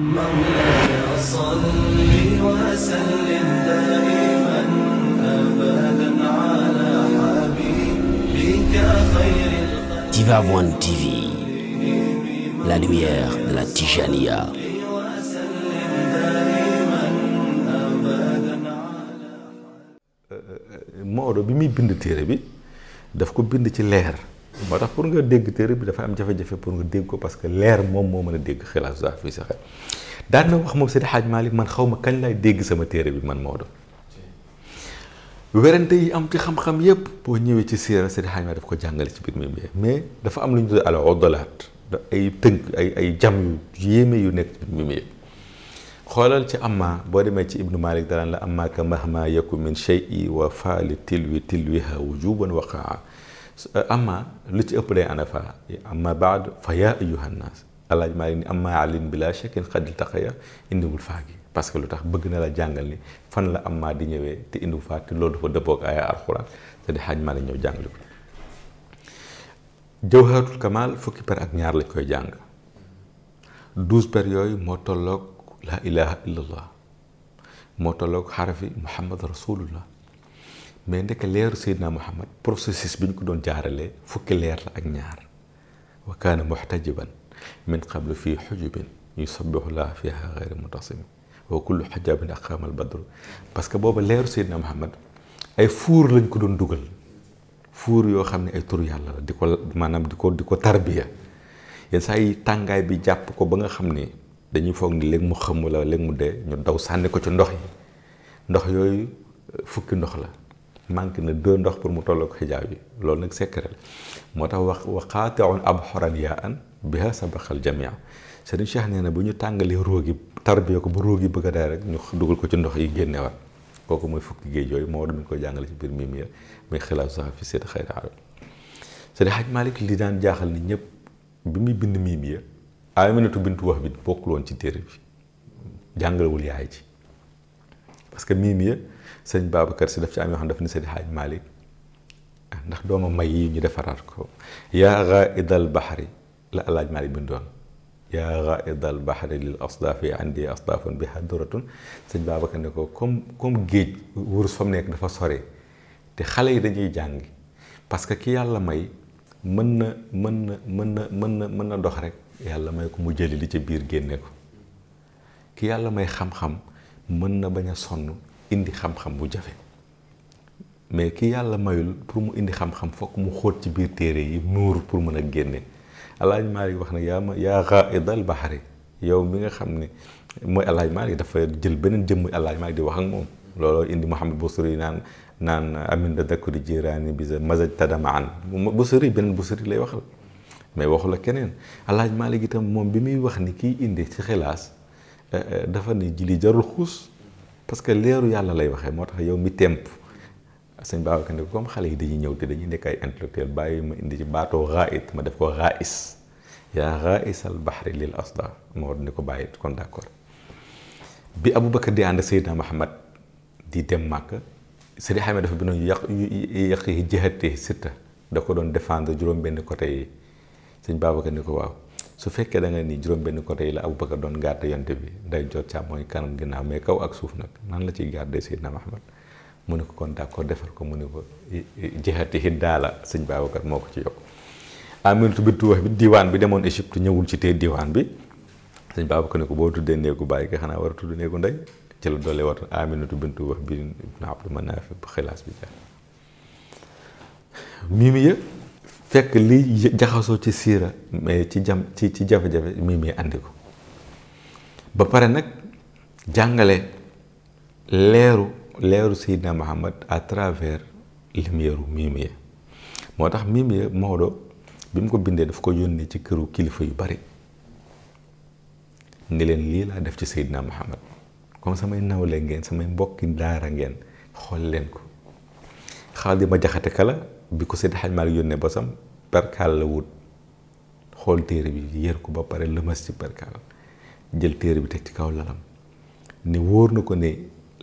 مولاي Diva One TV La lumière de la Tijania Moi, Maodo bi muy bind téere bi daf ko bind de leer moo tax pour nga dégg téere bi dafa am jafe-jafe pour nga dégg ko parce que leer moom moo mën a dégg xilaas saa fii sa xel daan na wax moom Seydi Hadj Malick man xaw ma kañ lay dégg sama téere bi man Maodo werante yi am ci xam-xam yépp boo ñëwee ci siira Seydi Hadj Malick daf ko jàngale ci biir mi mais dafa am lu ñu tuddee al udalaat ay tënk ay ay jam yu yéeme yu nekk ci biir mi yëpp xoolal ci amma boo demee ci ibnu malik danaan la amma ka mahma yaku min shay'i wa faali tilwi tilwiha wujuban waqaa أما لتي أبدا أنا فا أما بعد فيا أيها الناس الله يجمعني أما علم بلا شك قد التقيا إنه الفاقي parce que lu tax bëgg na la jàngal ni fan la am maa di ñëwee te indi fa te loolu dafa dëppoo ak aaya alxuraan te di xaaj maa la ñëw jàngale ko jawharatul kamal fukki per ak ñaar lañ koy jàng douze per yooyu moo tolloog la ilaha illallah moo tolloog xarafi muhammad rasulullah mais ndeke leeru Seydina Muhammad processus bi ñu ko doon jaaralee fukki leer la ak ñaar wa kaana muxtajiban min qablu fii xujubin yusabbihu laa fiha gayri mutasimi wa kullu xujabin aqaama al badru parce que leeru Muhammad ay fuur lañ ko doon dugal fuur yoo ay tur yàlla la di ko maanaam di ko di ko tarbiya yenn saa yi bi jàpp ko ba nga xam ne dañuy foog ni léegi mu xam wala mu ñu daw ko ci ndox yi ndox yooyu fukki ndox la manque na deux ndox pour mu tolloo ko xijaab bi loolu nag secret moo tax wax waxaatewoon ab xoran yaa an biha sabaxal jamia sëriñ Cheikh nee na bu ñu tàngalee róogi tarbiyee ko ba róogi bëgg a day rek ñu dugal ko ci ndox yi génne war kooku mooy fukki géej yooyu moo war nañ ko jàngale ci biir mimir muy xilaasu sax fi seet xëy na c'est-à-dire xaj Malick li daan jaaxal ni ñëpp bi muy bind mimir Aminatu bintu Wahb bi bokkul woon ci téere bi jàngalewul yaay ci parce que mimi seigne babacar si daf ci am yo xam daf ni seydi haj mali ah, ndax doom may yi ñu defarat ko ya ghaidal bahri la alaj mali bu ndon يا غائض البحر للأصداف عندي أصداف بها درة سيد بابا كان يقول كم كم جيج ورس فم نيك دفا سوري تي خالي دنجي جانج بس كي يالا ماي من من من من من دوخ رك يالا ماي كمو جالي لي تي بير جين نيكو كي يالا ماي خم خم mën na bañ a sonn indi xam-xam bu jafe mais ki yàlla mayul pour mu indi xam-xam fokk mu xóot ci biir téere yi nuur pour mën a génne alaaj Maalik wax na yaa ma yaa xaaidal baxari yow mi nga xam ne mooy alaaj Maalik dafa jël beneen jëmm alaaj Maalik di wax ak moom looloo indi Muhammad Busiri naan naan amin da dakkuri jiraani bisa mazaj tadama an Busiri beneen Busiri lay waxal mais waxu la keneen alaaj Maalik itam moom bi muy wax ni kiy indi ci xilaas dafa ne jili jarul xuus parce que leeru yàlla lay waxee moo tax yow mi temp sëñ Babacar ne comme xale yi dañuy ñëw te dañuy nekk ay intellectuel bàyyi ma indi ci baatoo raait ma def ko raais yaa raais al bahri lil asda ma war ne ko bàyyi kon d'accord bi Aboubacar di ànd Seydina Mahamad di dem Màkk Seydi Ahmed dafa bi yàq yàq yi jëxatee sitta da ko doon défendre juróom benn côté yi sëñ Babacar ni ko waaw su fekkee da nga ni juróom-benn côté yi la Aboubacar doon garde yonte bi nday jot caa mooy kanam ginnaaw mais kaw ak suuf nag nan la ciy garde Seydina Mahamad mu ne ko kon d'accord defal ko mu ne ko jeexati hiddaa la sëñ Babacar moo ko ci yokk aminatu bintu wax bi diwaan bi demoon Égypte ñëwul ci te diwan bi sëñ Babacar ne ko boo tuddee néegu bàyyi nga xanaa war a tudd néegu ndey ci la doole war aminatu bintu wax bi ibnu Abdu Manaaf xilaas bi jaar mimi yëpp fekk li jaxasoo ci siira mais ci jam ci ci jafe-jafe mii mii andi ko ba pare nag jàngale leeru leeru Seydina Muhammad à travers lumièru mii ya. moo tax mii mii ya, Maodo bi mu ko bindee daf ko yónnee ci këru kilifa yu bari ni leen lii laa def ci Seydina Muhammad comme samay nawle ngeen samay mbokki daara ngeen xool leen ko xaal di ma jaxate kala bi ko Seydi Hadj Malick yónnee bosam perkaal la wut xool téere bi yër ko ba pare lëmas ci perkaal jël téer bi teg ci kaw lalam ni wóor na ko ni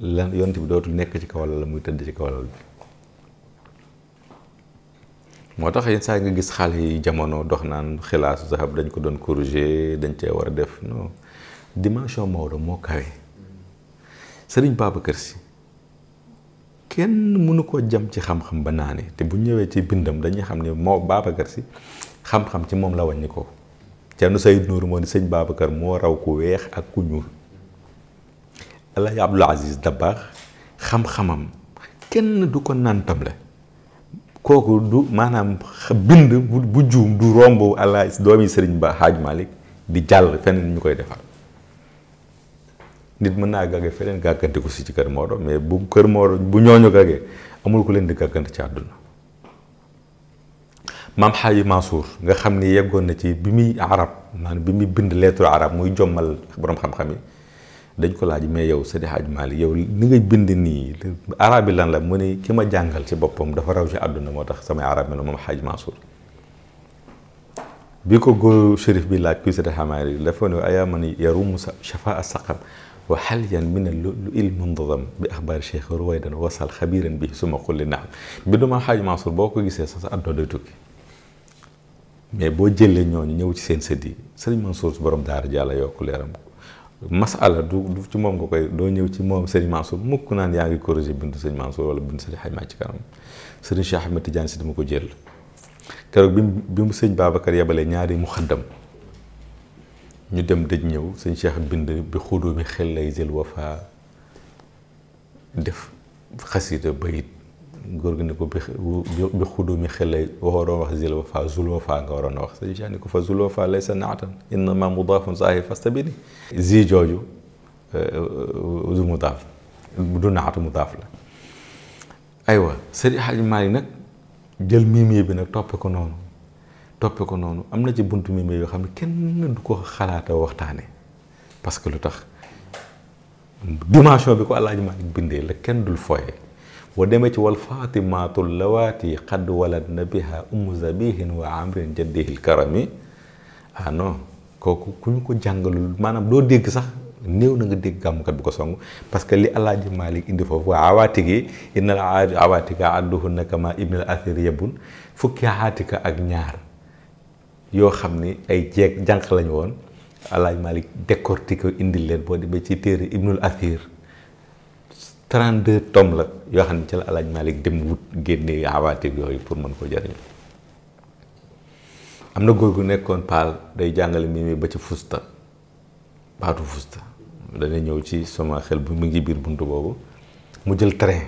lan yont bi dootul nekk ci kaw lalam muy tëdd ci kaw lal moo tax yenn saa nga gis xale yi jamono dox naan xilaasu zahab dañ ko doon corriger dañ cee war a def non dimension Maodo moo kawe Serigne Babacar Sy kenn mënu ko jam ci xam-xam ba naane te bu ñëwee ci bindam dañuy xam ne moo Babacar si xam-xam ci moom la ni ko Thierno Seydou Nourou moo ni sëñ Babacar moo raw ku weex ak ku ñuul El Hadj Abdoul Aziz Dabakh xam-xamam kenn du ko nantam la kooku du maanaam bind bu juum du romb El Hadj doomi sëriñ ba Hadj Malick di jàll feneen ñu koy defal. nit mën naa gàgge feneen gàggante ko si ci kër Maodo mais bu kër Maodo bu ñooñu gàggee amul ko leen di gàggante ci àdduna maam Xaaji Mansour nga xam ni yeggoon na ci bi muy arab maanaam bi muy bind lettre arab muy jommal borom xam-xam yi dañ ko laaj mais yow Seydi Xaaji Maalik bind nii arab yi lan la mu ne ki ma jàngal ci boppam dafa raw ci àdduna moo tax samay arab mel moom xaaj Mansour bi ko góor shérif bi laaj kuy Seydi Xaaji Maalik dafa ne ayaman yarumu shafa saqam وحاليا من اللؤلؤ المنظم باخبار شيخ رويدا وصل خبير به ثم قل لي نعم بدون ما حاج منصور بوكو غيسه سا ادو دو توكي مي بو جيل لي ньоني نييو سي سين سدي سيرن منصور بروم دار جالا يوك ليرام مساله دو دو تي موم غوكاي دو نييو تي موم سيرن منصور موك نان ياغي كوروجي بنت سيرن منصور ولا بنت سيرن حاج ما تي كارام شيخ احمد تيجان سي دمكو جيل كروك بيم بيم سيرن بابكر يابالي نياري مخدم ñu dem dëj ñëw sëñ Cheikh bind bi xudu bi xel lay jël wafa def xasida bayit góor gi ne ko bi bi xudu mi xel lay waxoon wax jël wafa zul wafa nga waroon wax sëñ Cheikh ne ko fa zul wafa lay sa naatan innama mudaafun saahi fastabini zi jooju du mudaaf du naatu mudaaf la aywa sëriñ Xaaji Maalik nag jël miimii bi nag toppe ko noonu toppe ko noonu am na ci buntu mi yoo xam ne kenn du ko xalaata waxtaane parce que lu tax dimension bi ko Alaaji Maalik bindee la kenn dul fooye boo demee ci wal fatimatu lawaati xad walad na biha umu zabihin wa amrin jaddihil ah ku ko jàngalul maanaam doo dégg sax néew na nga dégg bu ko song parce que li Alaaji indi foofu waa awaatigi innal awaatiga adduhunna kama athir yebun fukki aatika ak ñaar yoo xam ni ay jeeg jànq lañu woon alaaj Malick décortiqué indi leen boo demee ci téere Ibnul Athir 32 tomes la yoo xam ne ci la alaaj Malick dem wut génne awaatir yooyu pour mën koo jëriñu am na góor gu nekkoon paal day jàngale mii mi ba ci fusta baatu fusta dana ñëw ci sama xel bu mu ngi biir bunt boobu mu jël train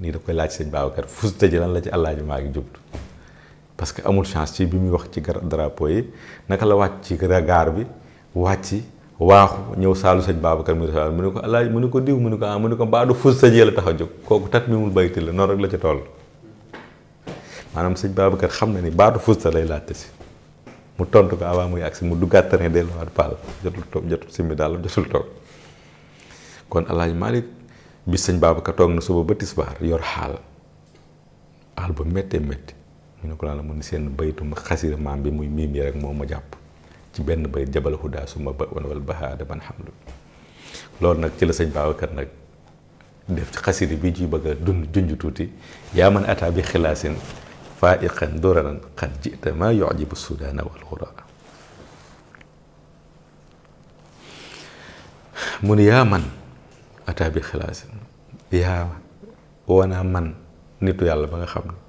nii da koy laaj sëñ Babacar fusta ji lan la ci alaaji Malick jublu parce que amul chance ci bi muy wax ci drapeau yi naka la wàcc ci gaar bi wàcc waaxu ñëw saalu sëñ Babacar mu mu ne ko alaaj mu ne ko diw mu ne ko ah mu ne ko mbaa du fus sëjee la kooku tat mi mul bayti la rek la ca toll sëñ Babacar xam na ni baatu fusta lay laajte si mu tontu ko avant muy agsi mu duggaat terrain delluwaat paal jotul toog jotul simmi daal jotul toog kon alaaj Malick bis sëñ Babacar toog na suba ba tisbaar yor xaal xaal bu méttee ñu ne ko la mun seen baytu xasir maam bi muy miim yi rek moo ma jàpp ci benn bayt jabal huda suma ba wal bahaada man hamdu loolu nag ci la sëñ Babacar nag def ci xasiri bi ji bëgg a dund junj tuuti yaa man ataa bi xilaasin faiqan duranan qad jita ma yujibu sudana wal xuraa mun yaa man ataa bi xilaasin yaa wana man nitu yàlla ba nga xam ne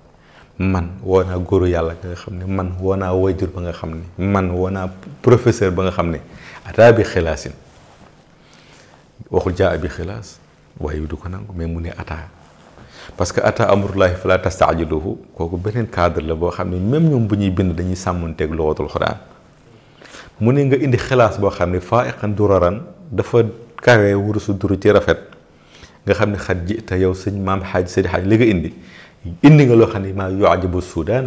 man wana guru góoru yàlla nga man wana naa wayjur ba nga man wana naa professeur ba nga xam ne ataa bi xilaasin waxul jaa bi xilaas waaye du ko nangu mais mu ne parce que ata amrullahi fala tastaajiluhu kooku beneen cadre la boo xam ne même ñoom bu ñuy bind dañuy sàmmanteeg lowatul xuraan mu ne nga indi xilaas boo xam ne duraran dafa kawe wurusu duru ci rafet nga xam ne xat yow sëñ maam li nga indi indi nga lo xamni ma maa yuajabu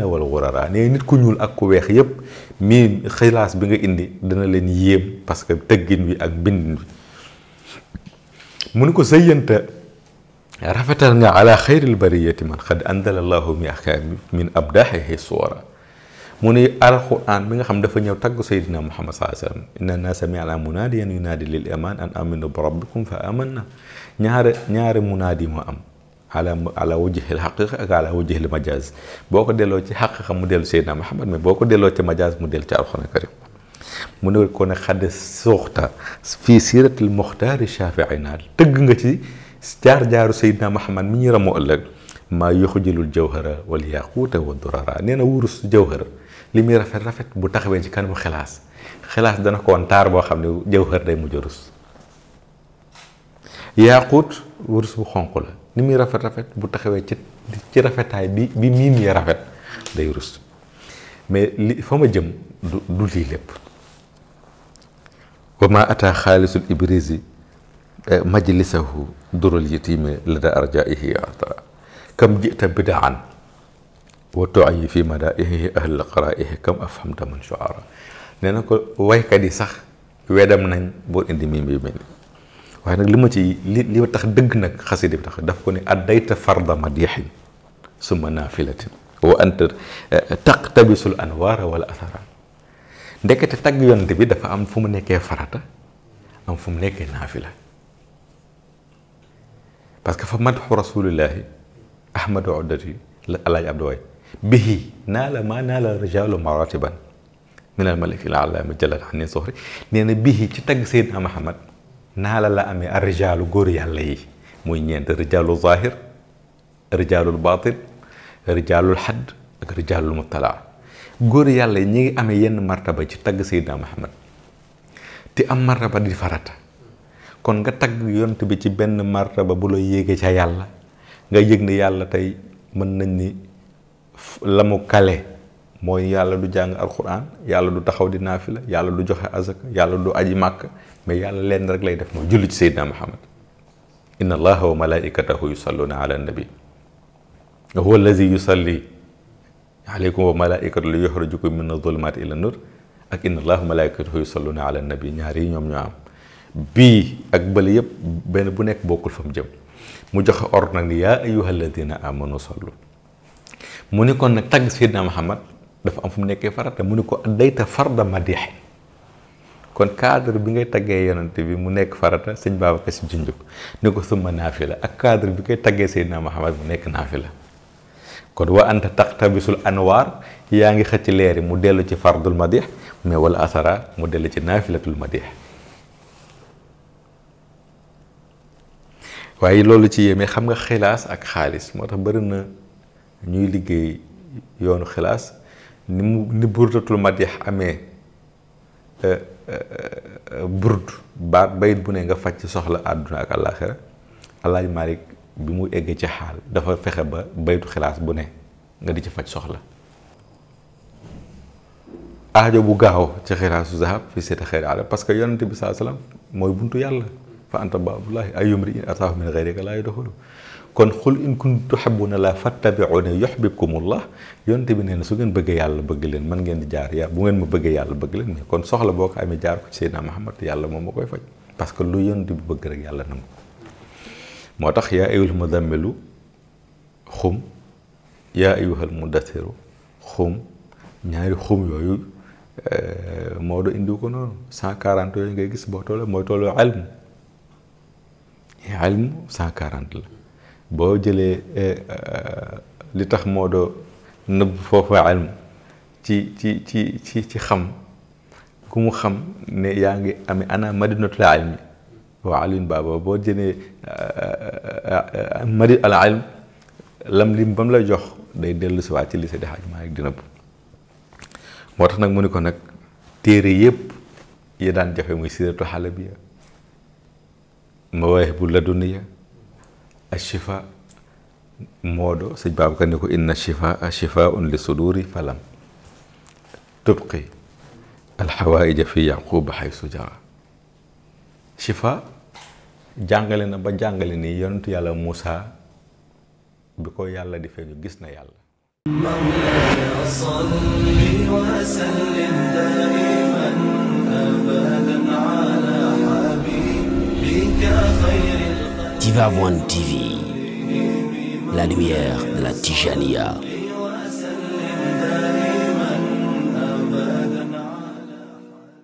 wal ghurara ne nit ku ñuul ak ku wex yeb mi khilas bi nga indi dana leen yéem parce que tëggin wi ak bind wi mu ni ko sëyanta rafetal nga ala khairil bariyati man xad andala allah mi akaami min abdahihi suwara mu ni alquran bi nga xam dafa ñëw tagg sayyidina muhammad sallallahu alayhi wasallam inna naa samiana munadiyan yunadi lil iman an aminu bi rabbikum fa amanna na ñaare ñaare munaadi moo am ala ala wajhil haqiqa ak ala wajhil majaz boo ko delloo ci haqiqa mu dellu Seydina Muhammad mais boo ko delloo ci majaz mu dellu ci alxuraan karim mu ne ko ne xadde suuxta fii siratil muxtaari shafii naa tëgg nga ci jaar-jaaru Seydina Muhammad mi ñu ramoo ëllëg maa yuxjilul jawhara wal yaquuta wa durara nee na wurus jawhara li muy rafet rafet bu taxawee ci kanamu xelaas xelaas dana ko woon taar boo xam ne jawhar day mujj rus yaquut wurus bu xonq la ni muy rafet rafet bu taxawee ci ci rafetaay bi bi miin yi rafet day rus mais li fa ma jëm du du lii lépp wa ma ataa xaalisul ibrisi majlisahu dural yatimi lada arjaihi ata kam jita bidaan wa toayi fi madaihi ahla qaraihi kam afhamta man shuara nee na ko waykat yi sax wedam nañ boo indi mii mbi mel waaye nag li ma ci li li tax dëgg nag xasida bi tax daf ko ne addayta farda madixin summa naafilatin wa anta taqtabisul anwaara wala athara ndekete tagg yonte bi dafa am fu mu nekkee farata am fu mu nekkee naafila parce que fa madxu rasulillahi ahmadu oddati la alaaji abdu waay bihi naa la maa naa la rijaalu maratiban min almaliki alaama jalal ani soxri nee na bihi ci tagg seydina Muhammad naala la amee ar rijaalu góor yàlla yi muy ñeent rijaalu zahir rijaalul batin rijaalul hadd ak rijaalul muttalaa góor yàlla yi ñi ngi amee yenn martaba ci tagg Seydina Muhammad te am martaba di farata kon nga tagg yont bi ci benn martaba bu la yéege ca yàlla nga yëg ne yàlla tey mën nañ ni la mu kale mooy yàlla du jàng alquran yàlla du taxaw di naafila yàlla du joxe azaka yàlla du aji màkk mais yàlla leen rek lay def mooy julli ci seydina muhammad inna allaha wa malaikatahu yusalluna ala nabi wa huwa allazi yusalli alaykum wa malaikatu li yuxrijukum min azulumati ila nur ak inna allaha wa malaikatahu yusalluna ala nabi ñaar yi ñoom ñoo am bii ak bële yépp benn bu nekk bokkul fa mu jëm mu joxe ordre nag ni yaa amanu sallu mu ni kon nag muhammad dafa am fu mu nekkee farata mu ne ko dayta farda madixin kon cadre bi ngay taggee yonante bi mu nekk farata sëñ Babacar Si junj ko ko summa naafila ak cadre bi ngay taggee Seydina Muhammad mu nekk naafila kon wa anta taqtabisul anwaar yaa ngi xëcc leeri mu dellu ci fardul madix mais wala asara mu dellu ci naafilatul madix waaye loolu ci yéeme xam nga xilaas ak xaalis moo tax bëri na ñuy liggéey yoonu xilaas ni mu ni burdatul madix amee euh, euh, euh, burd baat bayit bu ne nga faj ci soxla àdduna ak àllaaxira Alaaji Malik bi mu eggee ci xaal dafa fexe ba baytu xilaas bu ne nga di ci faj soxla aajo bu gaaw ci xiraasu zahab fi seeta xeeri ala parce que yonente bi saa salaam mooy buntu yàlla fa anta baabullahi ay yumri in ataahu min xeyrika laa yadxulu kon xul in kuntum tuhibbuna la fattabi'uni yuhibbukumullah yonte bi nee na su ngeen bëgg yàlla bëgg leen man ngeen di jaar ya bu ngeen ma bëggee yàlla bëgg leen kon soxla boo ko amee jaar ko Seydina Muhammad yàlla moom ma koy faj parce que lu yonte bi bëgg rek yàlla nangu moo tax yaa ayyuhal mudammilu xum yaa ayyuhal mudassiru xum ñaari xum yooyu eh, Maodo indi ko noonu cent quarante yooyu ngay gis boo toolee mooy toolu ilm ilm cent la boo jëlee eh, eh, li tax moo doo nëbb foofu ilm ci ci ci ci ci xam ku mu xam ne yaa ngi amee ana madinatul ilmi waaw Alioune Baba boo jëlee madin eh, al ilm lam lim ba mu lay jox day dellu si waat ci lycée de Hadj Malick di nëbb moo tax nag mu ni ko nag téere yépp yi daan joxe muy siratu xalabiya la laduniya الشفاء مودو سي باب كان ان الشفاء شفاء لصدور فلم تبقي الحوائج في يعقوب حيث جرى شفاء جانغالينا با جانغاليني يونت يالا موسى بكو يالا دي فيو غيسنا مولاي صلي وسلم دائما une TV, la lumière de la Tijania.